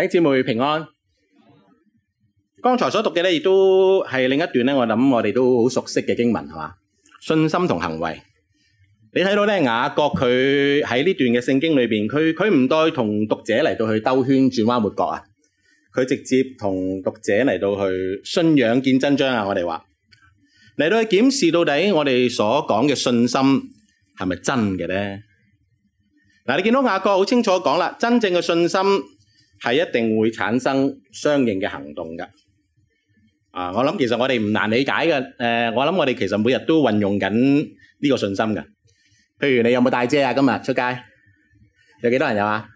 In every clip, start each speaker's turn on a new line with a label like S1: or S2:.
S1: 弟兄姊妹平安。剛才所讀嘅咧，亦都係另一段咧。我諗我哋都好熟悉嘅經文係嘛，信心同行為。你睇到咧，雅各佢喺呢段嘅聖經裏邊，佢佢唔再同讀者嚟到去兜圈轉彎抹角啊，佢直接同讀者嚟到去信仰見真章啊。我哋話嚟到去檢視到底我哋所講嘅信心係咪真嘅咧？嗱，你見到雅各好清楚講啦，真正嘅信心。係一定會產生相應嘅行動㗎。啊，我諗其實我哋唔難理解嘅，呃，我諗我哋其實每日都運用緊呢個信心㗎。譬如你有冇帶遮啊？今日出街，有幾多人有啊？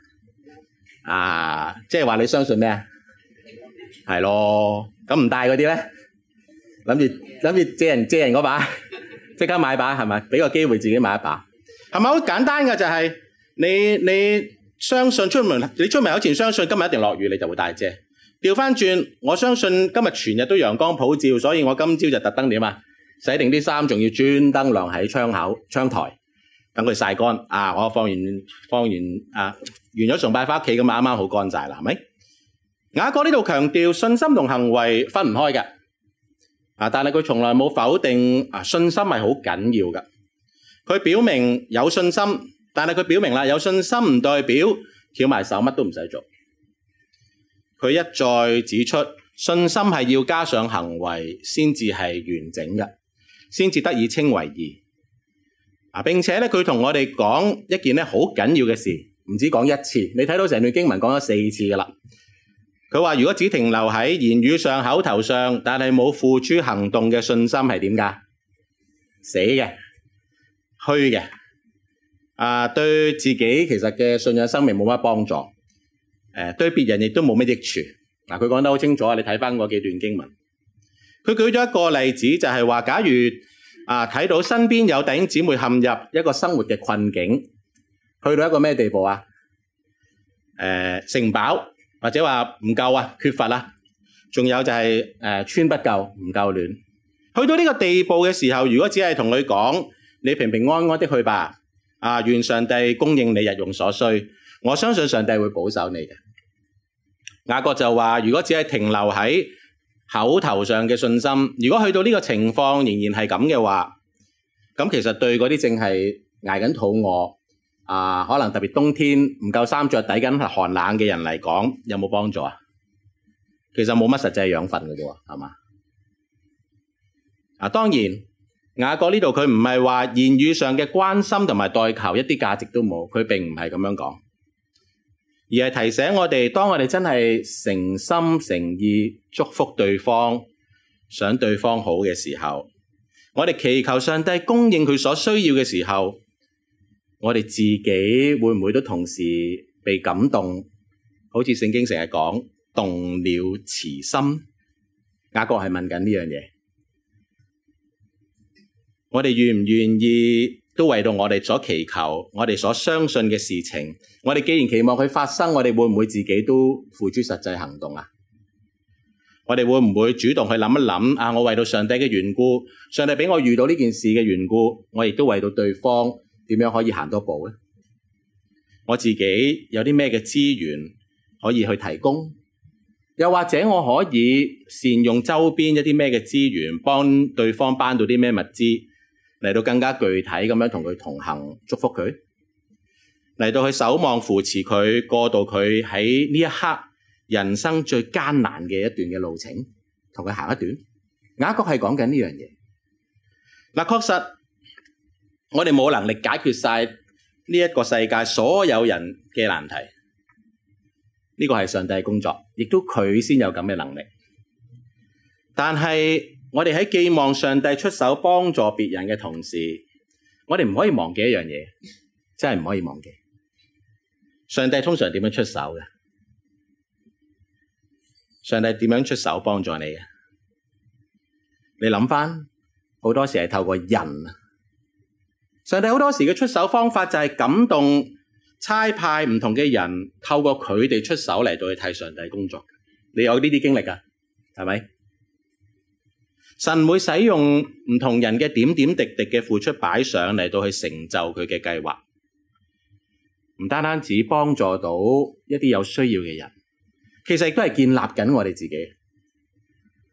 S1: 啊，即係話你相信咩啊？係咯，咁唔帶嗰啲咧，諗住諗住借人借人嗰把，即 刻買一把係咪？俾個機會自己買一把，係咪好簡單嘅、就係？就係你你。你相信出門，你出門口前相信今日一定落雨，你就會帶遮。調翻轉，我相信今日全日都陽光普照，所以我今朝就特登點啊，洗定啲衫，仲要專登晾喺窗口窗台，等佢曬乾、啊。我放完放完啊，完咗崇拜翻屋企咁啊，啱啱好乾晒啦，係咪？雅各呢度強調信心同行為分唔開嘅、啊、但係佢從來冇否定啊，信心係好緊要嘅。佢表明有信心。但係佢表明啦，有信心唔代表翹埋手乜都唔使做。佢一再指出，信心係要加上行為先至係完整嘅，先至得以稱為義。啊！並且咧，佢同我哋講一件咧好緊要嘅事，唔止講一次。你睇到成段經文講咗四次㗎喇。佢話：如果只停留喺言語上、口頭上，但係冇付諸行動嘅信心係點㗎？死嘅，虛嘅。啊，對自己其實嘅信仰生命冇乜幫助，誒、呃、對別人亦都冇咩益處。嗱、啊，佢講得好清楚，你睇翻嗰幾段經文，佢舉咗一個例子，就係話，假如啊睇到身邊有弟兄姊妹陷入一個生活嘅困境，去到一個咩地步啊？誒、呃，食唔飽，或者話唔夠啊，缺乏啦、啊，仲有就係誒穿不夠，唔夠暖。去到呢個地步嘅時候，如果只係同佢講你平平安，安安的去吧。啊！願上帝供應你日用所需，我相信上帝會保守你嘅。雅各就話：如果只係停留喺口頭上嘅信心，如果去到呢個情況仍然係咁嘅話，咁其實對嗰啲正係捱緊肚餓啊，可能特別冬天唔夠衫著抵緊寒冷嘅人嚟講，有冇幫助啊？其實冇乜實際養分嘅喎，係嘛？啊，當然。雅各呢度，佢唔係話言語上嘅關心同埋代求一啲價值都冇，佢並唔係咁樣講，而係提醒我哋，當我哋真係誠心誠意祝福對方，想對方好嘅時候，我哋祈求上帝供應佢所需要嘅時候，我哋自己會唔會都同時被感動？好似聖經成日講動了慈心，雅各係問緊呢樣嘢。我哋願唔願意都為到我哋所祈求、我哋所相信嘅事情？我哋既然期望佢發生，我哋會唔會自己都付諸實際行動啊？我哋會唔會主動去諗一諗啊？我為到上帝嘅緣故，上帝俾我遇到呢件事嘅緣故，我亦都為到對方點樣可以行多步呢？我自己有啲咩嘅資源可以去提供？又或者我可以善用周邊一啲咩嘅資源，幫對方搬到啲咩物資？嚟到更加具體咁樣同佢同行，祝福佢；嚟到去守望扶持佢，過渡佢喺呢一刻人生最艱難嘅一段嘅路程，同佢行一段。雅各係講緊呢樣嘢。嗱、啊，確實我哋冇能力解決晒呢一個世界所有人嘅難題。呢、這個係上帝嘅工作，亦都佢先有咁嘅能力。但係，我哋喺寄望上帝出手幫助別人嘅同時，我哋唔可以忘記一樣嘢，真係唔可以忘記。上帝通常點樣出手嘅？上帝點樣出手幫助你嘅？你諗返，好多時係透過人。上帝好多時嘅出手方法就係感動差派唔同嘅人，透過佢哋出手嚟到替上帝工作。你有呢啲經歷啊？係咪？神會使用唔同人嘅點點滴滴嘅付出擺上嚟，到去成就佢嘅計劃，唔單單只幫助到一啲有需要嘅人，其實亦都係建立緊我哋自己。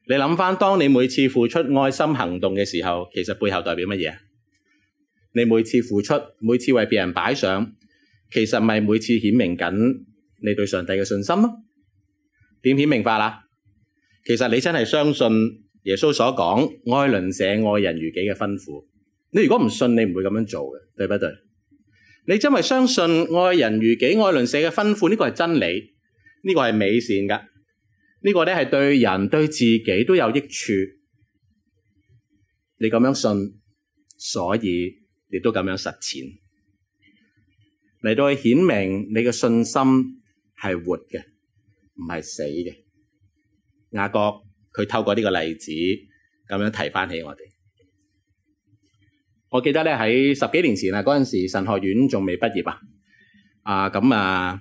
S1: 你諗返，當你每次付出愛心行動嘅時候，其實背後代表乜嘢？你每次付出，每次為別人擺上，其實咪每次顯明緊你對上帝嘅信心咯？點顯明法啊？其實你真係相信耶穌所講愛鄰舍愛人如己嘅吩咐，你如果唔信，你唔會咁樣做嘅，對不對？你真係相信愛人如己，愛鄰舍嘅吩咐，呢個係真理，呢個係美善嘅，呢個咧係對人對自己都有益處。你咁樣信，所以你都咁樣實踐，嚟到去顯明你嘅信心係活嘅，唔係死嘅。雅各。佢透過呢個例子咁樣提翻起我哋，我記得咧喺十幾年前啊，嗰陣時神學院仲未畢業啊，啊咁啊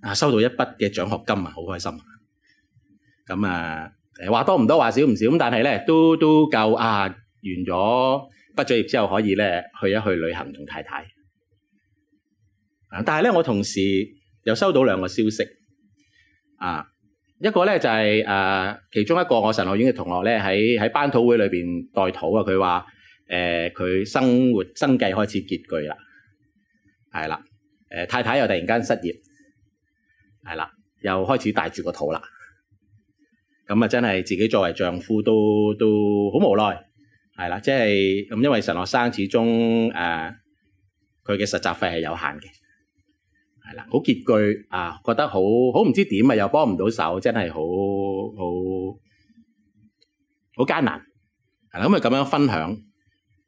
S1: 啊收到一筆嘅獎學金啊，好開心。咁啊誒話多唔多話少唔少咁，但係咧都都夠啊，完咗畢咗業之後可以咧去一去旅行同太太。啊，但係咧，我同時又收到兩個消息啊。一個咧就係、是、誒、呃，其中一個我神學院嘅同學咧喺喺班禱會裏邊代禱啊，佢話誒佢生活生計開始拮據啦，係啦，誒、呃、太太又突然間失業，係啦，又開始帶住個肚啦，咁啊真係自己作為丈夫都都好無奈，係啦，即係咁因為神學生始終誒佢嘅實習費係有限嘅。係啦，好拮據啊！覺得好好唔知點啊，又幫唔到手，真係好好好艱難。係啦，咁啊咁樣分享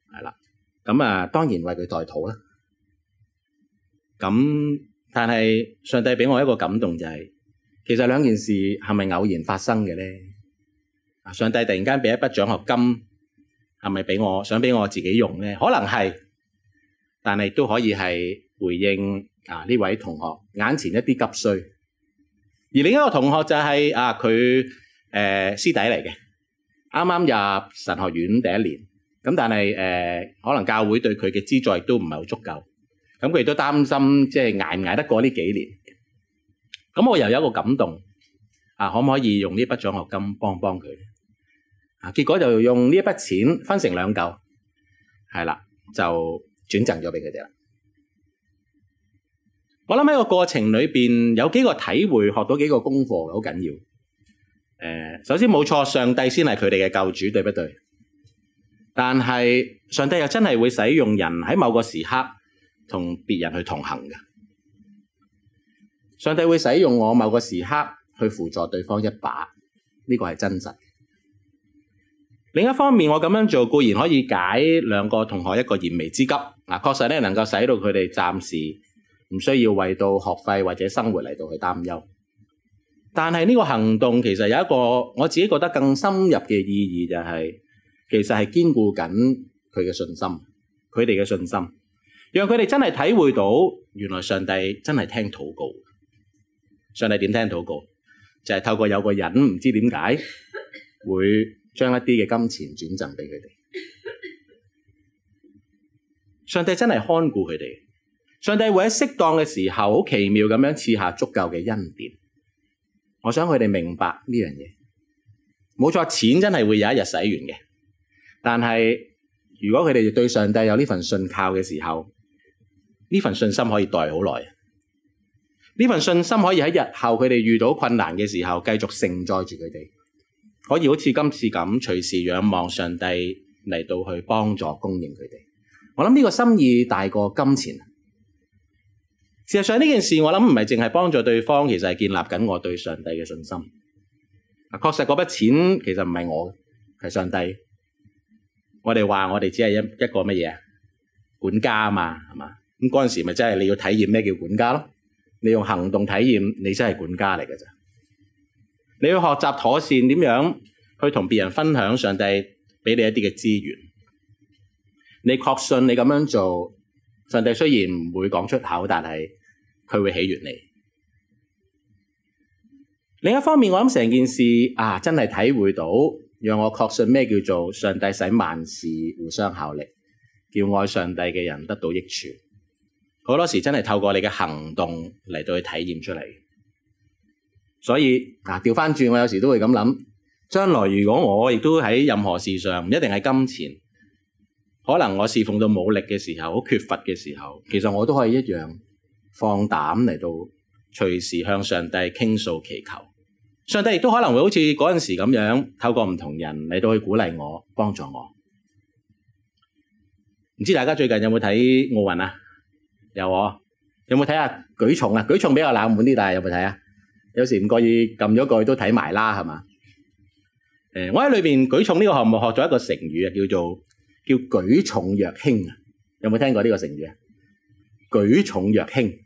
S1: 係啦。咁啊，當然為佢代禱啦。咁但係上帝俾我一個感動就係，其實兩件事係咪偶然發生嘅咧？上帝突然間俾一筆獎學金，係咪俾我想俾我自己用咧？可能係，但係都可以係。回應啊呢位同學眼前一啲急需，而另一個同學就係、是、啊佢誒師弟嚟嘅，啱啱入神學院第一年，咁但係誒、呃、可能教會對佢嘅資助亦都唔係好足夠，咁佢亦都擔心即係捱唔捱得過呢幾年，咁、啊、我又有一個感動啊，可唔可以用呢筆獎學金幫幫佢啊結果就用呢一筆錢分成兩嚿，係啦就轉贈咗俾佢哋啦。我諗喺個過程裏面，有幾個體會，學到幾個功課，好緊要，呃，首先冇錯，上帝先係佢哋嘅救主，對不對？但係上帝又真係會使用人喺某個時刻同別人去同行嘅。上帝會使用我某個時刻去輔助對方一把，呢、這個係真實。另一方面，我咁樣做固然可以解，解兩個同學一個燃眉之急，嗱、啊，確實呢能夠使到佢哋暫時。唔需要為到學費或者生活嚟到去擔憂，但係呢個行動其實有一個我自己覺得更深入嘅意義就係、是，其實係堅固緊佢嘅信心，佢哋嘅信心，讓佢哋真係體會到原來上帝真係聽禱告。上帝點聽禱告？就係、是、透過有個人唔知點解會將一啲嘅金錢轉贈俾佢哋。上帝真係看顧佢哋。上帝會喺適當嘅時候，好奇妙咁樣賜下足夠嘅恩典。我想佢哋明白呢樣嘢，冇錯，錢真係會有一日使完嘅。但係如果佢哋對上帝有呢份信靠嘅時候，呢份信心可以待好耐。呢份信心可以喺日後佢哋遇到困難嘅時候，繼續承載住佢哋，可以好似今次咁隨時仰望上帝嚟到去幫助供應佢哋。我諗呢個心意大過金錢。事實上呢件事我諗唔係淨係幫助對方，其實係建立緊我對上帝嘅信心。啊，確實嗰筆錢其實唔係我嘅，係上帝。我哋話我哋只係一一個乜嘢管家啊嘛，係嘛？嗰陣時咪真係你要體驗咩叫管家咯？你用行動體驗，你真係管家嚟㗎咋？你要學習妥善，點樣去同別人分享上帝俾你一啲嘅資源？你確信你咁樣做，上帝雖然唔會講出口，但係。佢會喜悦你。另一方面，我諗成件事啊，真係體會到，讓我確信咩叫做上帝使萬事互相效力，叫愛上帝嘅人得到益處。好多時真係透過你嘅行動嚟到去體驗出嚟。所以嗱，調翻轉，我有時都會咁諗：將來如果我亦都喺任何事上，唔一定係金錢，可能我侍奉到冇力嘅時候，好缺乏嘅時候，其實我都可以一樣。放膽嚟到隨時向上帝傾訴祈求，上帝亦都可能會好似嗰陣時咁樣透過唔同人嚟到去鼓勵我幫助我。唔知大家最近有冇睇奧運啊？有啊，有冇睇下舉重啊？舉重比較冷門啲，但係有冇睇啊？有時唔覺意撳咗個都睇埋啦，係嘛？誒、呃，我喺裏邊舉重呢個項目學咗一個成語啊，叫做叫舉重若輕啊，有冇聽過呢個成語啊？舉重若輕。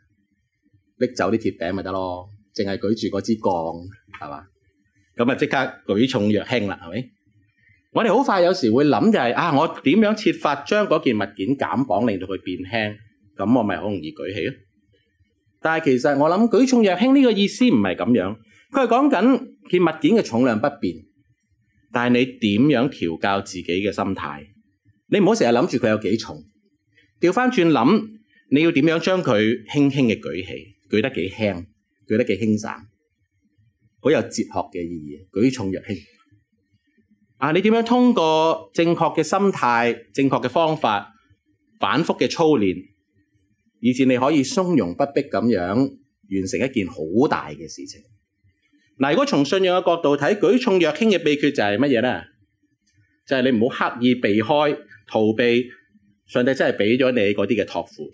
S1: 拎走啲鐵餅咪得咯，淨係舉住嗰支槓係嘛，咁啊即刻舉重若輕啦係咪？我哋好快有時會諗就係啊，我點樣設法將嗰件物件減磅，令到佢變輕，咁我咪好容易舉起咯。但係其實我諗舉重若輕呢個意思唔係咁樣，佢係講緊件物件嘅重量不變，但係你點樣調教自己嘅心態？你唔好成日諗住佢有幾重，調翻轉諗，你要點樣將佢輕輕嘅舉起？舉得幾輕，舉得幾輕鬆，好有哲學嘅意義。舉重若輕，啊、你點樣通過正確嘅心態、正確嘅方法、反復嘅操練，以致你可以從容不迫咁樣完成一件好大嘅事情。嗱、啊，如果從信仰嘅角度睇，舉重若輕嘅秘訣就係乜嘢呢？就係、是、你唔好刻意避開、逃避上帝真的給了的，真係俾咗你嗰啲嘅託付。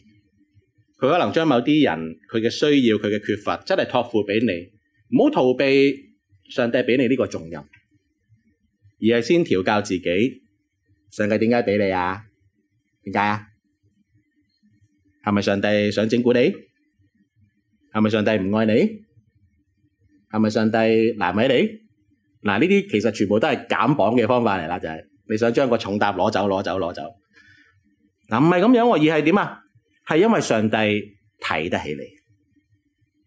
S1: 佢可能將某啲人佢嘅需要佢嘅缺乏真係託付俾你，唔好逃避上帝俾你呢個重任，而係先調教自己。上帝點解俾你啊？點解啊？係咪上帝想整蠱你？係咪上帝唔愛你？係咪上帝難為你？嗱呢啲其實全部都係減磅嘅方法嚟啦，就係你想將個重擔攞走攞走攞走。嗱唔係咁樣，而係點啊？係因為上帝睇得起你，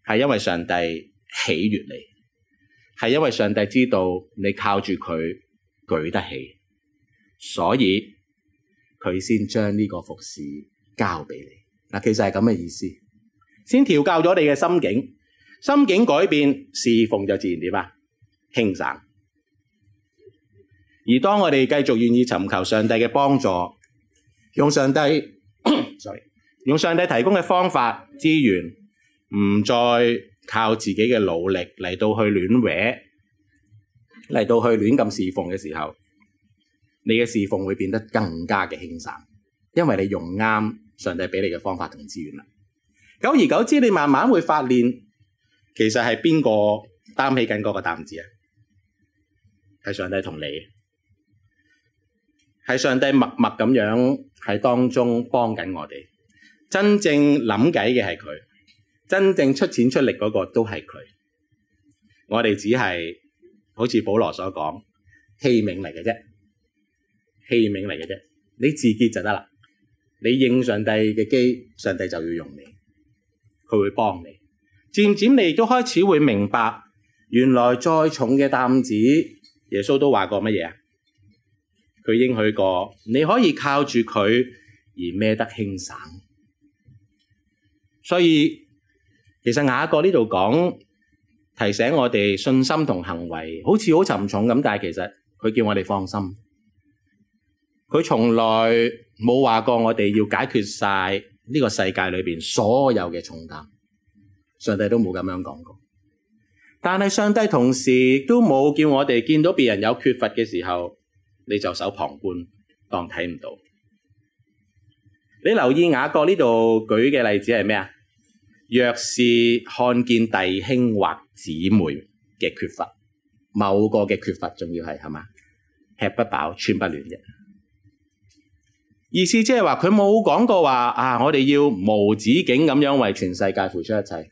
S1: 係因為上帝喜悦你，係因為上帝知道你靠住佢舉得起，所以佢先將呢個服侍交俾你。嗱，其實係咁嘅意思，先調教咗你嘅心境，心境改變，侍奉就自然點啊，輕省。而當我哋繼續願意尋求上帝嘅幫助，用上帝。用上帝提供嘅方法資源，唔再靠自己嘅努力嚟到去亂搲，嚟到去亂咁侍奉嘅時候，你嘅侍奉會變得更加嘅輕鬆，因為你用啱上帝俾你嘅方法同資源。久而久之，你慢慢會發現，其實係邊個擔起緊嗰個擔子啊？係上帝同你，係上帝默默咁樣喺當中幫緊我哋。真正諗計嘅係佢，真正出錢出力嗰個都係佢。我哋只係好似保羅所講器皿嚟嘅啫，器皿嚟嘅啫。你自己就得啦。你應上帝嘅機，上帝就要用你，佢會幫你。漸漸你亦都開始會明白，原來再重嘅擔子，耶穌都話過乜嘢啊？佢應許過，你可以靠住佢而孭得輕省。所以其實雅各呢度講，提醒我哋信心同行為好似好沉重咁，但係其實佢叫我哋放心，佢從來冇話過我哋要解決晒呢個世界裏面所有嘅重擔，上帝都冇咁樣講過。但係上帝同時都冇叫我哋見到別人有缺乏嘅時候，你袖手旁觀當睇唔到。你留意雅各呢度舉嘅例子係咩啊？若是看見弟兄或姊妹嘅缺乏，某個嘅缺乏是，仲要係係嘛？吃不飽，穿不暖嘅意思是說他沒說說，即係話佢冇講過話啊！我哋要無止境咁樣為全世界付出一切。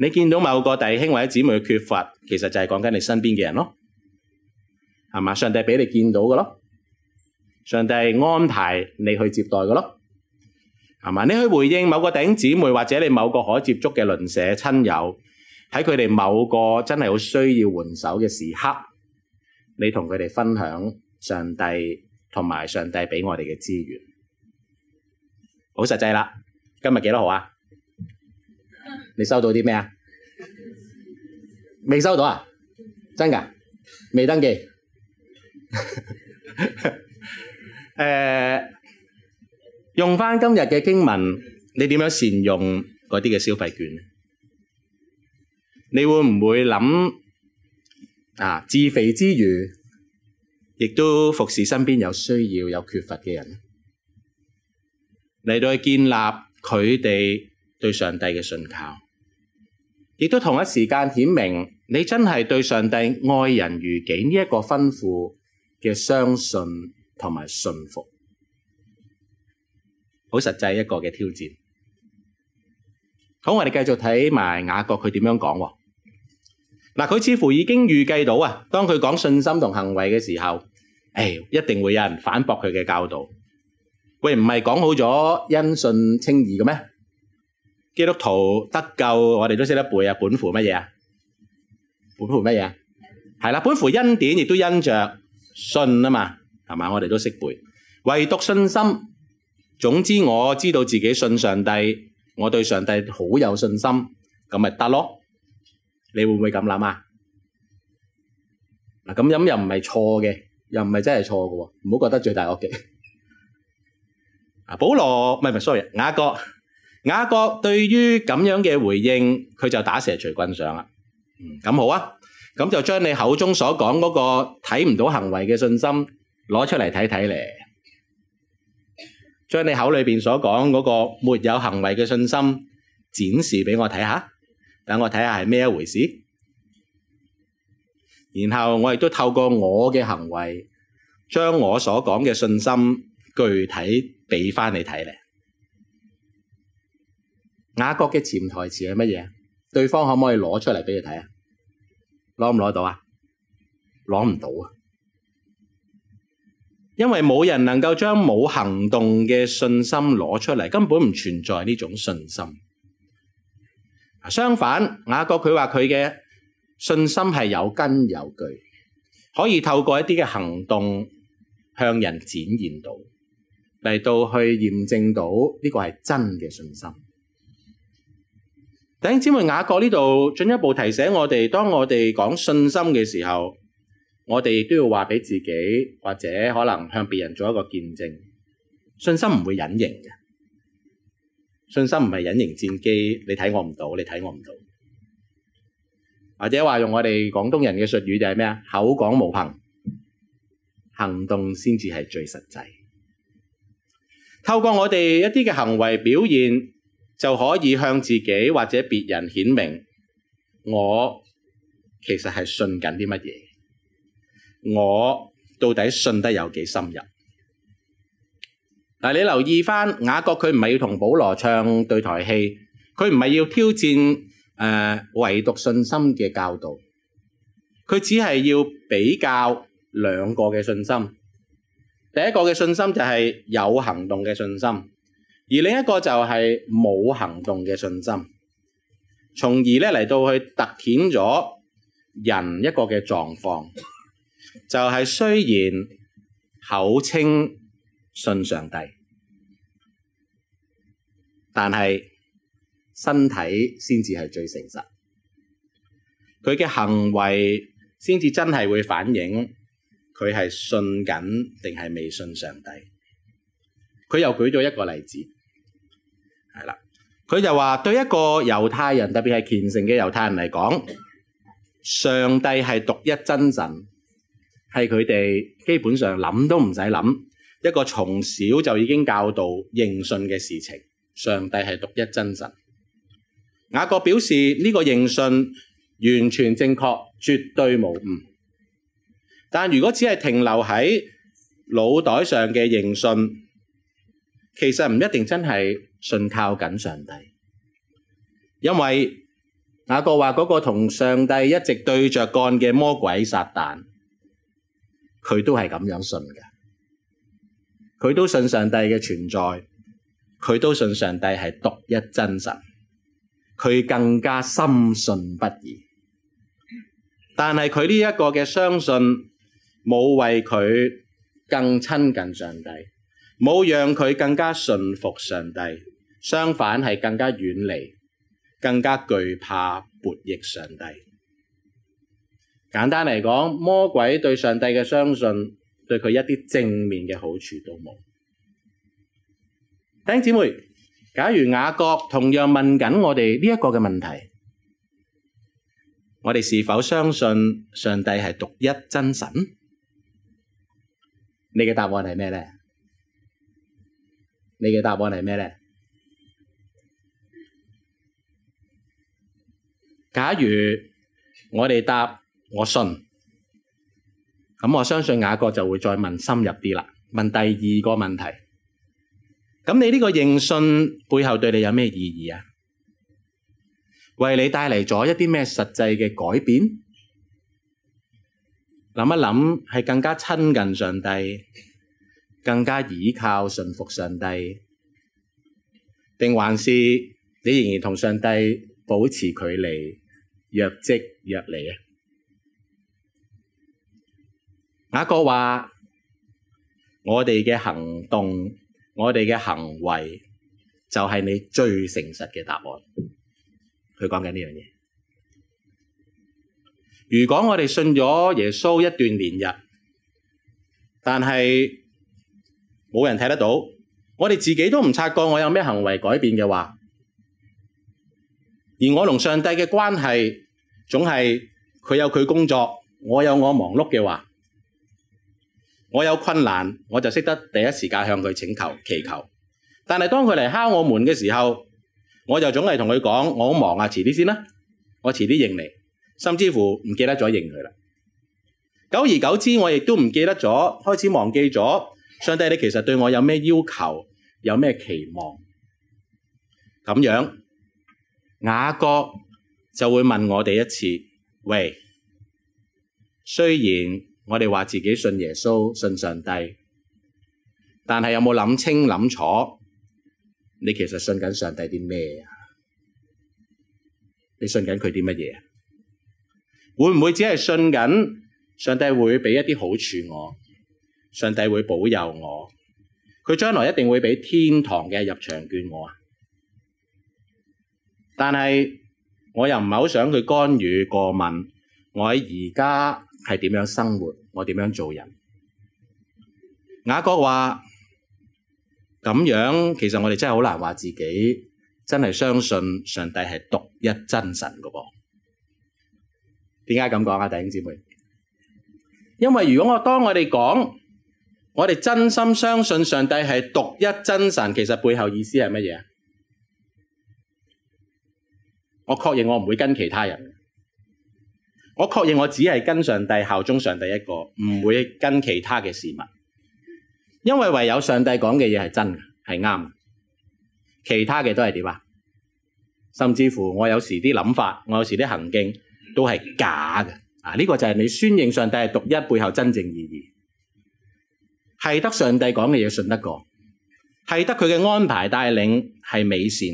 S1: 你見到某個弟兄或者姊妹嘅缺乏，其實就係講緊你身邊嘅人咯，係嘛？上帝俾你見到嘅咯，上帝安排你去接待嘅咯。係嘛？你去回應某個弟兄姊妹，或者你某個可接觸嘅鄰舍親友，喺佢哋某個真係好需要援手嘅時刻，你同佢哋分享上帝同埋上帝畀我哋嘅資源，好實際啦。今日幾多號啊？你收到啲咩啊？未收到啊？真㗎？未登記？誒、 呃。用翻今日嘅經文，你點樣善用嗰啲嘅消費券？你會唔會諗啊？自肥之餘，亦都服侍身邊有需要、有缺乏嘅人，嚟到去建立佢哋對上帝嘅信靠，亦都同一時間顯明，你真係對上帝愛人如己呢一個吩咐嘅相信同埋信服。好實際一個嘅挑戰。好，我哋繼續睇埋雅各佢點樣講喎。嗱，佢似乎已經預計到啊，當佢講信心同行為嘅時候，誒一定會有人反駁佢嘅教導。喂，唔係講好咗因信稱義嘅咩？基督徒得救，我哋都識得背啊。本乎乜嘢啊？本乎乜嘢？係啦，本乎恩典，亦都因著信啊嘛，係嘛？我哋都識背，唯獨信心。總之我知道自己信上帝，我對上帝好有信心，咁咪得咯？你會唔會咁諗啊？嗱，咁咁又唔係錯嘅，又唔係真係錯嘅喎，唔好覺得罪大惡極。啊，保羅唔係唔係，sorry，雅各，雅各對於咁樣嘅回應，佢就打蛇隨棍上啦。嗯，咁好啊，咁就將你口中所講嗰個睇唔到行為嘅信心攞出嚟睇睇咧。將你口裏邊所講嗰個沒有行為嘅信心展示俾我睇下，等我睇下係咩一回事。然後我亦都透過我嘅行為，將我所講嘅信心具體俾翻你睇咧。雅各嘅潛台詞係乜嘢？對方可唔可以攞出嚟俾佢睇啊？攞唔攞到啊？攞唔到啊？因為冇人能夠將冇行動嘅信心攞出嚟，根本唔存在呢種信心。相反，雅各佢話佢嘅信心係有根有據，可以透過一啲嘅行動向人展現到，嚟到去驗證到呢個係真嘅信心。弟兄姊妹，雅各呢度進一步提醒我哋，當我哋講信心嘅時候，我哋亦都要話俾自己，或者可能向別人做一個見證。信心唔會隱形嘅，信心唔係隱形戰機。你睇我唔到，你睇我唔到，或者話用我哋廣東人嘅術語就係咩啊？口講無憑，行動先至係最實際。透過我哋一啲嘅行為表現，就可以向自己或者別人顯明我其實係信緊啲乜嘢。我到底信得有幾深入？嗱，你留意翻雅各佢唔係要同保羅唱對台戲，佢唔係要挑戰、呃、唯獨信心嘅教導，佢只係要比較兩個嘅信心。第一個嘅信心就係有行動嘅信心，而另一個就係冇行動嘅信心，從而咧嚟到去突顯咗人一個嘅狀況。就係雖然口稱信上帝，但係身體先至係最誠實。佢嘅行為先至真係會反映佢係信緊定係未信上帝。佢又舉咗一個例子，係啦，佢就話對一個猶太人，特別係虔誠嘅猶太人嚟講，上帝係獨一真神。係佢哋基本上諗都唔使諗，一個從小就已經教導認信嘅事情，上帝係獨一真神。雅各表示呢個認信完全正確，絕對無誤。但如果只係停留喺腦袋上嘅認信，其實唔一定真係信靠緊上帝，因為雅各話嗰個同上帝一直對着幹嘅魔鬼撒旦。佢都係咁樣信嘅，佢都信上帝嘅存在，佢都信上帝係獨一真神，佢更加深信不疑。但係佢呢一個嘅相信，冇為佢更親近上帝，冇讓佢更加信服上帝，相反係更加遠離，更加懼怕悖逆上帝。簡單嚟講，魔鬼對上帝嘅相信，對佢一啲正面嘅好處都冇。弟兄姊妹，假如雅各同樣問緊我哋呢一個嘅問題，我哋是否相信上帝係獨一真神？你嘅答案係咩咧？你嘅答案係咩咧？假如我哋答。我信，咁我相信雅各就會再問深入啲啦。問第二個問題，咁你呢個認信背後對你有咩意義啊？為你帶嚟咗一啲咩實際嘅改變？諗一諗，係更加親近上帝，更加倚靠信服上帝，定還是你仍然同上帝保持距離，若即若離啊？一個話我哋嘅行動，我哋嘅行為就係你最誠實嘅答案。佢講緊呢樣嘢。如果我哋信咗耶穌一段年日，但係冇人睇得到，我哋自己都唔察覺我有咩行為改變嘅話，而我同上帝嘅關係總係佢有佢工作，我有我忙碌嘅話。我有困難，我就識得第一時間向佢請求祈求。但係當佢嚟敲我門嘅時候，我就總係同佢講：我好忙啊，遲啲先啦，我遲啲認你。甚至乎唔記得咗認佢啦。久而久之，我亦都唔記得咗，開始忘記咗上帝，你其實對我有咩要求，有咩期望。咁樣，雅各就會問我哋一次：喂，雖然，我哋話自己信耶穌、信上帝，但係有冇諗清諗楚？你其實信緊上帝啲咩啊？你信緊佢啲乜嘢？會唔會只係信緊上帝會畀一啲好處我？上帝會保佑我？佢將來一定會畀天堂嘅入場券我啊？但係我又唔係好想佢干預過問，我喺而家。係點樣生活？我點樣做人？雅各話咁樣，其實我哋真係好難話自己真係相信上帝係獨一真神噶噃。點解咁講啊？弟兄姊妹，因為如果我當我哋講，我哋真心相信上帝係獨一真神，其實背後意思係乜嘢？我確認我唔會跟其他人。我確認我只係跟上帝效忠上帝一個，唔會跟其他嘅事物，因為唯有上帝講嘅嘢係真嘅，係啱嘅。其他嘅都係點啊？甚至乎我有時啲諗法，我有時啲行徑都係假嘅。啊，呢個就係你宣認上帝係獨一背後真正意義，係得上帝講嘅嘢信得過，係得佢嘅安排帶領係美善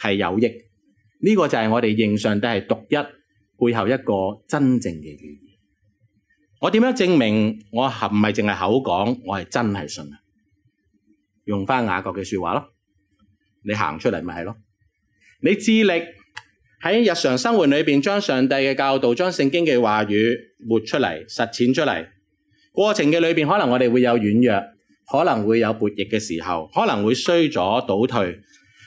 S1: 係有益。呢個就係我哋認上帝係獨一。背後一個真正嘅意義，我點樣證明我唔係淨係口講，我係真係信的。用翻雅各嘅說話咯，你行出嚟咪係咯，你致力喺日常生活裏面將上帝嘅教導、將聖經嘅話語活出嚟，實踐出嚟。過程嘅裏面，可能我哋會有軟弱，可能會有悖逆嘅時候，可能會衰咗、倒退，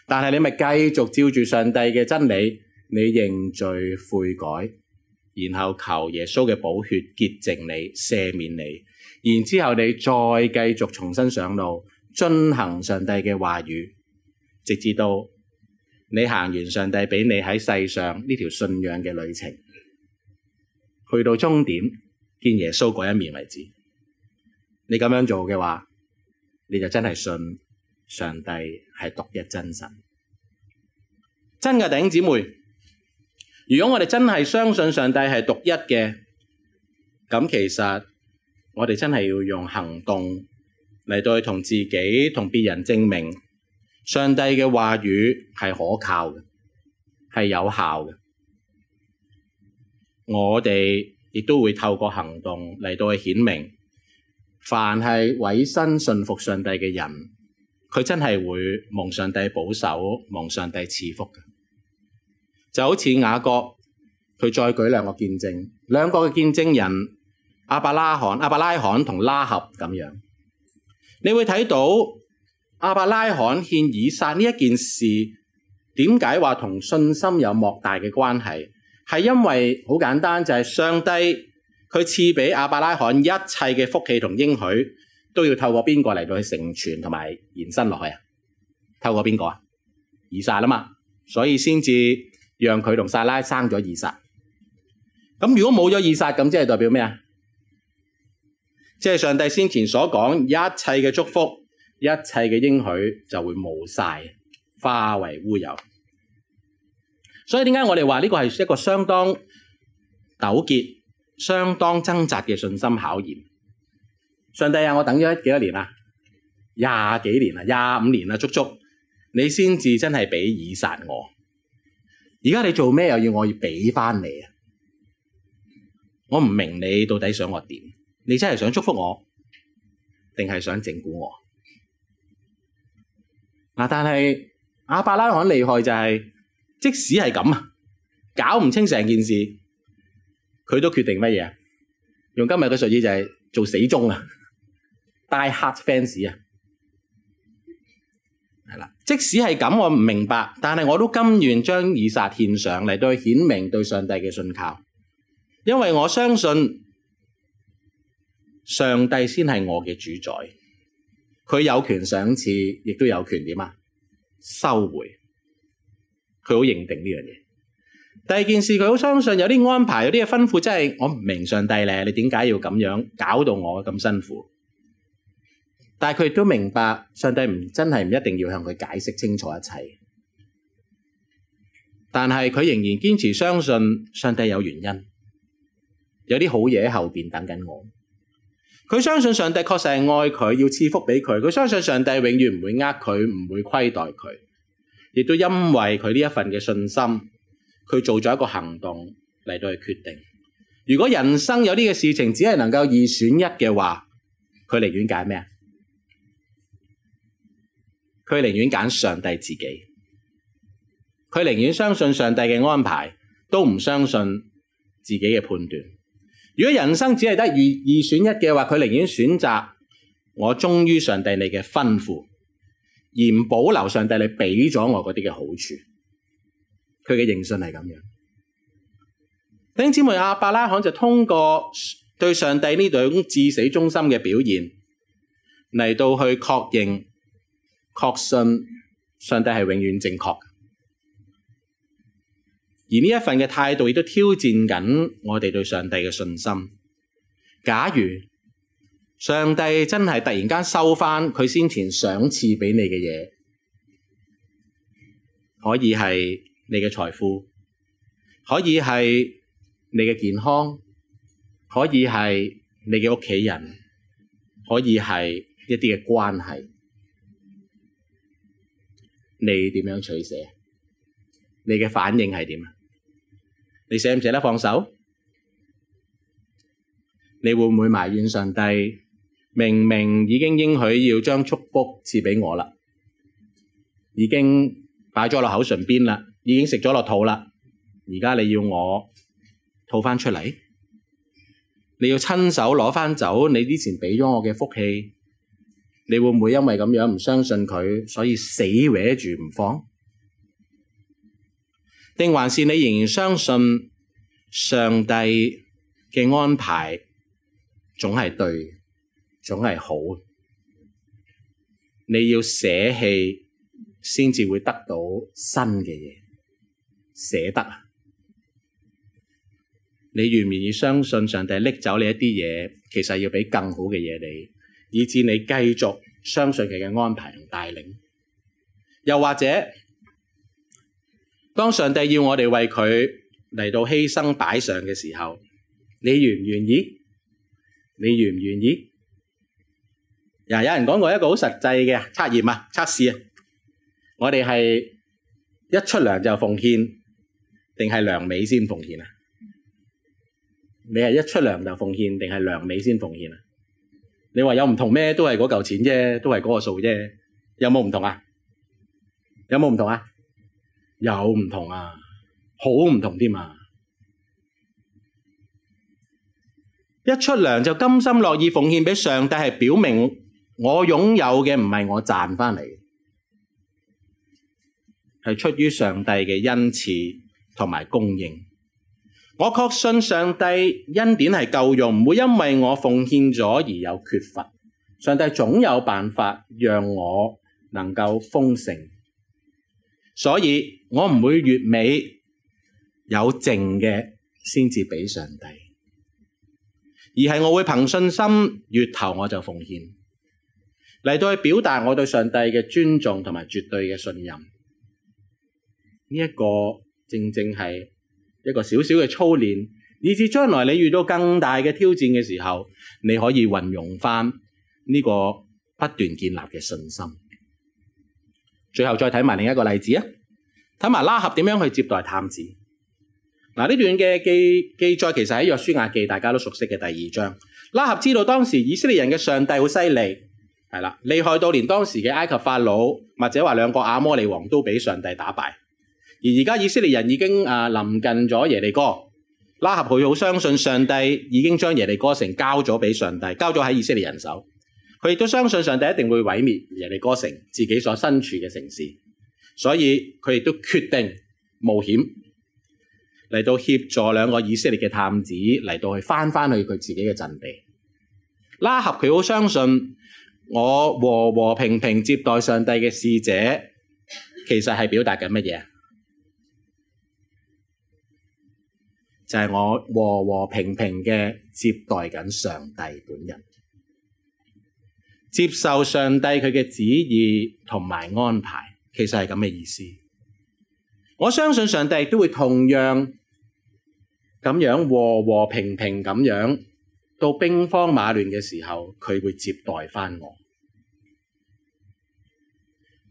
S1: 但係你咪繼續照住上帝嘅真理。你認罪悔改，然後求耶穌嘅寶血潔淨你、赦免你，然之後你再繼續重新上路，遵行上帝嘅話語，直至到你行完上帝俾你喺世上呢條信仰嘅旅程，去到終點見耶穌嗰一面為止。你咁樣做嘅話，你就真係信上帝係獨一真神，真嘅，弟兄姊妹。如果我哋真係相信上帝係獨一嘅，咁其實我哋真係要用行動嚟到去同自己、同別人證明上帝嘅話語係可靠嘅，係有效嘅。我哋亦都會透過行動嚟到去顯明，凡係委身信服上帝嘅人，佢真係會望上帝保守，望上帝賜福嘅。就好似雅各，佢再舉兩個見證，兩個嘅見證人阿伯拉罕、阿伯拉罕同拉合咁樣，你會睇到阿伯拉罕獻以撒呢一件事，點解話同信心有莫大嘅關係？係因為好簡單，就係、是、上帝佢賜俾阿伯拉罕一切嘅福氣同應許，都要透過邊個嚟到去承傳同埋延伸落去，透過邊個啊？以撒啦嘛，所以先至。讓佢同撒拉生咗以撒。咁如果冇咗以撒，咁即係代表咩啊？即係上帝先前所講，一切嘅祝福、一切嘅應許就會冇晒，化為烏有。所以點解我哋話呢個係一個相當糾結、相當掙扎嘅信心考驗？上帝啊，我等咗幾多年啊？廿幾年啦，廿五年啦，足足，你先至真係俾以撒我。而家你做咩又要我要俾翻你？我唔明白你到底想我點？你真係想祝福我，定係想整蠱我？啊，但係阿伯拉罕厲害就係，即使係咁啊，搞唔清成件事，佢都決定乜嘢？用今日嘅術語就係做死忠啊，die 即使係咁，我唔明白，但係我都甘願將以撒獻上嚟，對顯明對上帝嘅信靠，因為我相信上帝先係我嘅主宰，佢有權賞賜，亦都有權點啊？收回，佢好認定呢樣嘢。第二件事，佢好相信有啲安排，有啲嘅吩咐，即係我唔明上帝咧，你點解要咁樣搞到我咁辛苦？但係佢亦都明白，上帝唔真係唔一定要向佢解釋清楚一切。但係佢仍然堅持相信上帝有原因，有啲好嘢喺後面等緊我。佢相信上帝確實係愛佢，要賜福俾佢。佢相信上帝永遠唔會呃佢，唔會虧待佢。亦都因為佢呢份嘅信心，佢做咗一個行動嚟到去決定。如果人生有啲嘅事情只係能夠二選一嘅話，佢寧願揀咩啊？佢寧願揀上帝自己，佢寧願相信上帝嘅安排，都唔相信自己嘅判斷。如果人生只係得二二選一嘅話，佢寧願選擇我忠於上帝你嘅吩咐，而唔保留上帝你俾咗我嗰啲嘅好處。佢嘅認信係咁樣。弟兄姊妹，亞伯拉罕就通過對上帝呢種至死忠心嘅表現嚟到去確認。確信上帝係永遠正確，而呢一份嘅態度亦都挑戰緊我哋對上帝嘅信心。假如上帝真係突然間收翻佢先前賞賜畀你嘅嘢，可以係你嘅財富，可以係你嘅健康，可以係你嘅屋企人，可以係一啲嘅關係。你點樣取捨？你嘅反應係點啊？你捨唔捨得放手？你會唔會埋怨上帝？明明已經應許要將祝福賜畀我啦，已經擺咗落口唇邊啦，已經食咗落肚啦，而家你要我吐翻出嚟？你要親手攞翻走你之前畀咗我嘅福氣？你會唔會因為咁樣唔相信佢，所以死搲住唔放？定還是你仍然相信上帝嘅安排總係對，總係好？你要捨棄先至會得到新嘅嘢，捨得？你願唔願意相信上帝拎走你一啲嘢，其實要俾更好嘅嘢你？以致你繼續相信佢嘅安排同帶領，又或者當上帝要我哋為佢嚟到犧牲擺上嘅時候，你願唔願意？你願唔願意？有人講過一個好實際嘅測驗啊，測試啊！我哋係一出糧就奉獻，定係糧尾先奉獻啊？你係一出糧就奉獻，定係糧尾先奉獻啊？你話有唔同咩？都係嗰嚿錢啫，都係嗰個數啫。有冇唔同啊？有冇唔同啊？有唔同啊！好唔同添啊！一出糧就甘心樂意奉獻俾上帝，係表明我擁有嘅唔係我賺返嚟，係出於上帝嘅恩賜同埋供應。我確信上帝恩典係夠用，唔會因為我奉獻咗而有缺乏。上帝總有辦法讓我能夠豐盛，所以我唔會月尾有剩嘅先至俾上帝，而係我會憑信心月頭我就奉獻嚟到去表達我對上帝嘅尊重同埋絕對嘅信任。呢、這、一個正正係。一個少少嘅操練，以至將來你遇到更大嘅挑戰嘅時候，你可以運用翻呢個不斷建立嘅信心。最後再睇埋另一個例子啊，睇埋拉合點樣去接待探子。嗱，呢段嘅記記載其實喺約書亞記大家都熟悉嘅第二章。拉合知道當時以色列人嘅上帝好犀利，係啦，厲害到連當時嘅埃及法老，或者話兩個阿摩利王都俾上帝打敗。而而家以色列人已經啊臨近咗耶利哥，拉合佢好相信上帝已經將耶利哥城交咗俾上帝，交咗喺以色列人手。佢亦都相信上帝一定會毀滅耶利哥城，自己所身處嘅城市，所以佢亦都決定冒險嚟到協助兩個以色列嘅探子嚟到去返返去佢自己嘅陣地。拉合佢好相信我和和平平接待上帝嘅使者，其實係表達緊乜嘢？就係我和和平平嘅接待緊上帝本人，接受上帝佢嘅旨意同埋安排，其實係咁嘅意思。我相信上帝都會同樣咁樣和和平平咁樣，到兵荒馬亂嘅時候，佢會接待返我。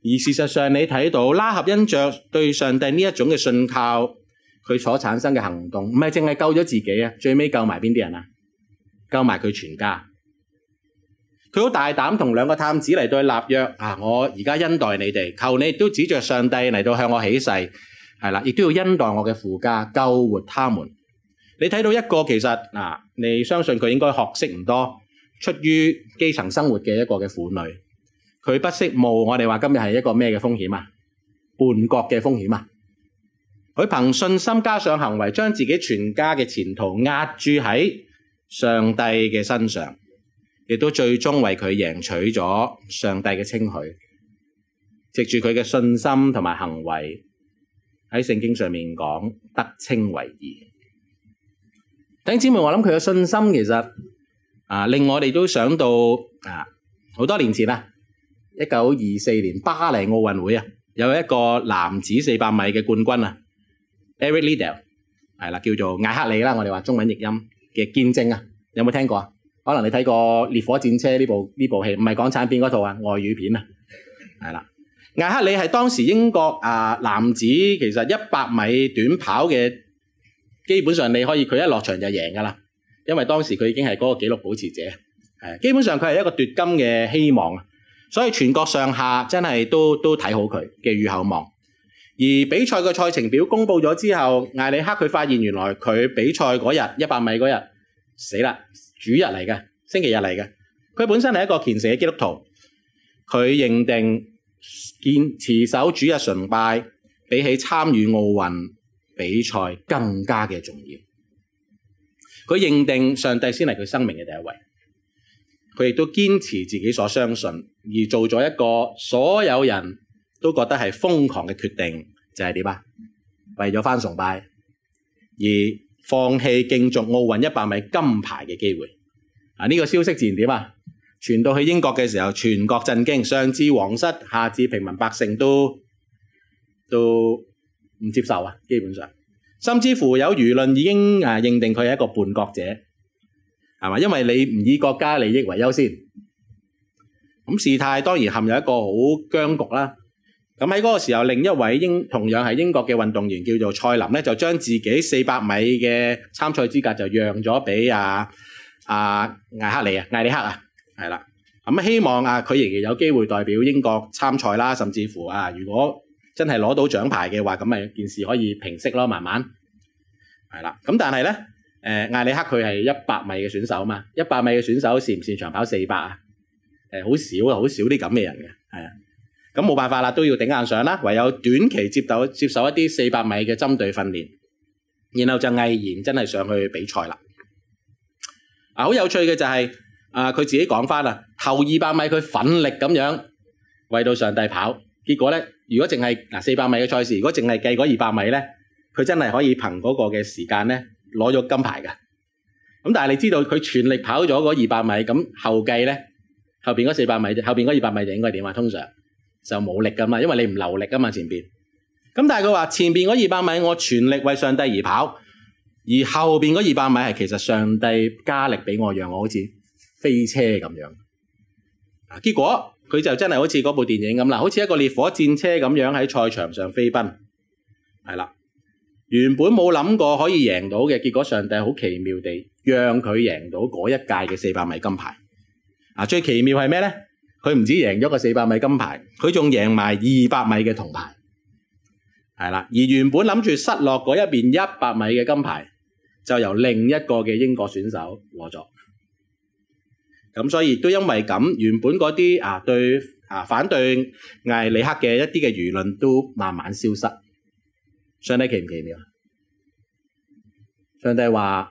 S1: 而事實上你，你睇到喇合因著對上帝呢一種嘅信靠。佢所產生嘅行動，唔係淨係救咗自己，最尾救埋邊啲人啊？救埋佢全家。佢好大膽同兩個探子嚟到立約，啊，我而家恩待你哋，求你都指着上帝嚟到向我起誓，係啦，亦都要恩待我嘅父家，救活他們。你睇到一個其實，啊，你相信佢應該學識唔多，出於基層生活嘅一個嘅婦女，佢不惜冒，我哋話今日係一個咩嘅風險啊？叛國嘅風險啊！佢憑信心加上行為，將自己全家嘅前途押注喺上帝嘅身上，亦都最終為佢贏取咗上帝嘅稱許。藉住佢嘅信心同埋行為，喺聖經上面講得稱為義。弟兄姊妹，我諗佢嘅信心其實啊，令我哋都想到啊，好多年前啊，一九二四年巴黎奧運會啊，有一個男子四百米嘅冠軍啊。Eric Liddell 係啦，叫做艾克里啦，我哋話中文譯音嘅堅貞啊，有冇聽過啊？可能你睇過《烈火戰車》呢部呢部戲，唔係港產片嗰套啊，外語片啊，係啦。艾克里係當時英國啊，男子其實一百米短跑嘅，基本上你可以佢一落場就贏㗎啦，因為當時佢已經係嗰個紀錄保持者，係基本上佢係一個奪金嘅希望啊，所以全國上下真係都都睇好佢嘅予厚望。而比賽嘅賽程表公佈咗之後，艾里克佢發現原來佢比賽嗰日一百米嗰日死啦，主日嚟嘅，星期日嚟嘅。佢本身係一個虔誠嘅基督徒，佢認定持守主日崇拜，比起參與奧運比賽更加嘅重要。佢認定上帝先係佢生命嘅第一位，佢亦都堅持自己所相信而做咗一個所有人都覺得係瘋狂嘅決定，就係點啊？為咗返崇拜而放棄競逐奧運一百米金牌嘅機會啊！呢個消息自然點啊？傳到去英國嘅時候，全國震驚，上至皇室，下至平民百姓都都唔接受啊！基本上，甚至乎有輿論已經誒認定佢係一個叛國者係咪？因為你唔以國家利益為優先，咁事態當然陷入一個好僵局啦。咁喺嗰個時候，另一位英同樣係英國嘅運動員叫做蔡林呢，就將自己四百米嘅參賽資格就讓咗俾啊，啊艾克里、啊、艾里克啊，係啦。咁、嗯、希望啊佢仍然有機會代表英國參賽啦，甚至乎啊如果真係攞到獎牌嘅話，咁咪件事可以平息咯，慢慢係啦。咁、嗯、但係呢，呃、艾里克佢係一百米嘅選手嘛，一百米嘅選手擅唔擅長跑四百啊？誒、呃、好少啊，好少啲咁嘅人嘅，係啊。咁冇辦法啦，都要頂硬上啦。唯有短期接到接受一啲四百米嘅針對訓練，然後就毅然真係上去比賽啦。啊，好有趣嘅就係啊，佢自己講返啦，頭二百米佢奮力咁樣為到上帝跑。結果咧，如果淨係嗱四百米嘅賽事，如果淨係計嗰二百米咧，佢真係可以憑嗰個嘅時間咧攞咗金牌嘅。咁但係你知道佢全力跑咗嗰二百米，咁後繼咧後邊嗰四百米，後邊嗰二百米就應該點啊？通常。就冇力㗎嘛，因為你唔流力㗎嘛前面。咁但係佢話前面嗰二百米我全力為上帝而跑，而後面嗰二百米係其實上帝加力俾我，我，讓我好似飛車咁樣。啊，結果佢就真係好似嗰部電影咁啦，好似一個烈火戰車咁樣喺賽場上飛奔，係啦，原本冇諗過可以贏到嘅，結果上帝好奇妙地讓佢贏到嗰一屆嘅四百米金牌。最奇妙係咩呢？佢唔止贏咗個四百米金牌，佢仲贏埋二百米嘅銅牌，係啦。而原本諗住失落嗰一面一百米嘅金牌，就由另一個嘅英國選手攞咗。咁所以亦都因為咁，原本嗰啲啊對啊反對艾里克嘅一啲嘅輿論都慢慢消失。上帝奇唔奇妙？上帝話：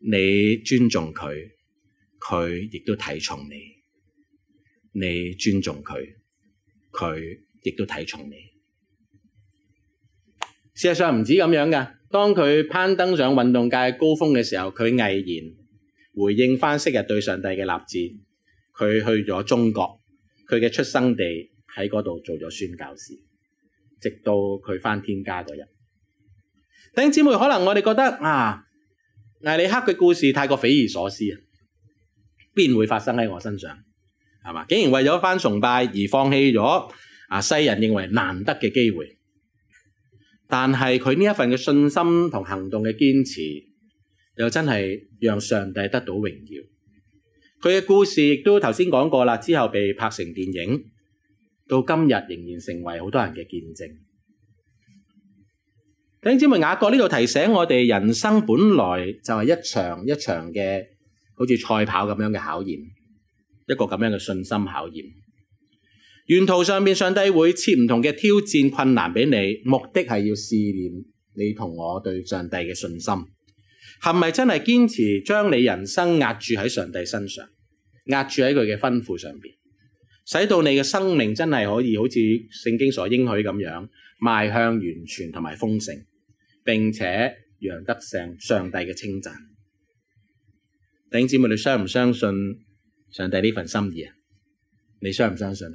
S1: 你尊重佢，佢亦都睇重你。你尊重佢，佢亦都睇重你。事實上唔止咁樣噶當佢攀登上運動界高峰嘅時候，佢毅然回應翻昔日對上帝嘅立志，佢去咗中國，佢嘅出生地喺嗰度做咗宣教士，直到佢翻天家嗰日。弟兄姊妹，可能我哋覺得啊，艾里克嘅故事太過匪夷所思啊，邊會發生喺我身上？係嘛？竟然為咗返崇拜而放棄咗世人認為難得嘅機會，但係佢呢份嘅信心同行動嘅堅持，又真係讓上帝得到榮耀。佢嘅故事亦都頭先講過啦，之後被拍成電影，到今日仍然成為好多人嘅見證。頂芝麻雅各呢度提醒我哋：人生本來就係一場一場嘅，好似賽跑咁樣嘅考驗。一個咁樣嘅信心考驗，沿途上面上帝會設唔同嘅挑戰困難俾你，目的係要試驗你同我對上帝嘅信心係咪真係堅持將你人生壓住喺上帝身上，壓住喺佢嘅吩咐上面，使到你嘅生命真係可以好似聖經所應許咁樣，邁向完全同埋豐盛，並且贏得上上帝嘅稱讚。弟兄姊妹，你相唔相信？上帝呢份心意啊，你相唔相信啊？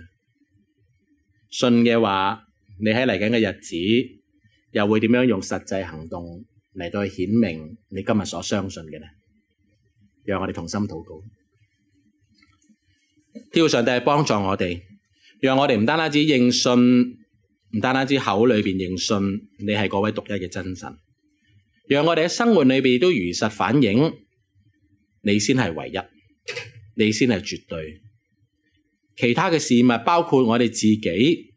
S1: 信嘅話，你喺嚟緊嘅日子又會點樣用實際行動嚟到去顯明你今日所相信嘅呢？讓我哋同心禱告，求上帝幫助我哋，讓我哋唔單單只認信，唔單單只口裏邊認信，你係嗰位獨一嘅真神。讓我哋喺生活裏邊都如實反映你先係唯一。你先係絕對，其他嘅事物包括我哋自己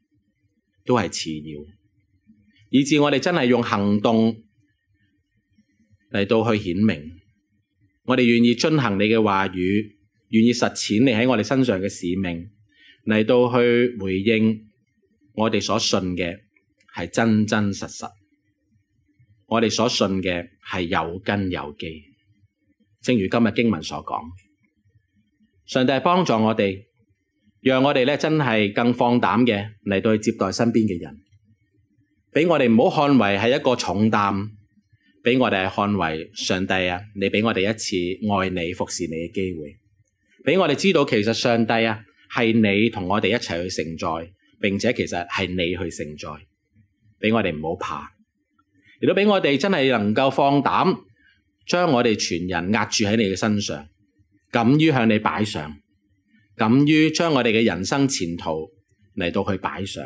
S1: 都係次要，以至我哋真係用行動嚟到去顯明我哋願意遵行你嘅話語，願意實踐你喺我哋身上嘅使命嚟到去回應我哋所信嘅係真真實實，我哋所信嘅係有根有基，正如今日經文所講。上帝幫助我哋，讓我哋咧真係更放膽嘅嚟到去接待身邊嘅人，俾我哋唔好看為係一個重擔，俾我哋看為上帝啊，你俾我哋一次愛你服侍你嘅機會，俾我哋知道其實上帝啊係你同我哋一齊去承載，並且其實係你去承載，俾我哋唔好怕，亦都俾我哋真係能夠放膽將我哋全人壓住喺你嘅身上。敢於向你擺上，敢於將我哋嘅人生前途嚟到去擺上，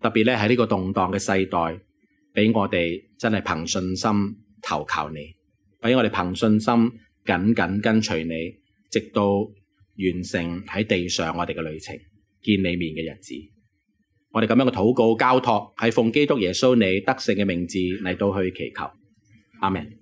S1: 特別咧喺呢個動盪嘅世代，俾我哋真係憑信心投靠你，俾我哋憑信心緊緊跟隨你，直到完成喺地上我哋嘅旅程，見你面嘅日子，我哋咁樣嘅禱告交托係奉基督耶穌你得勝嘅名字嚟到去祈求，阿明。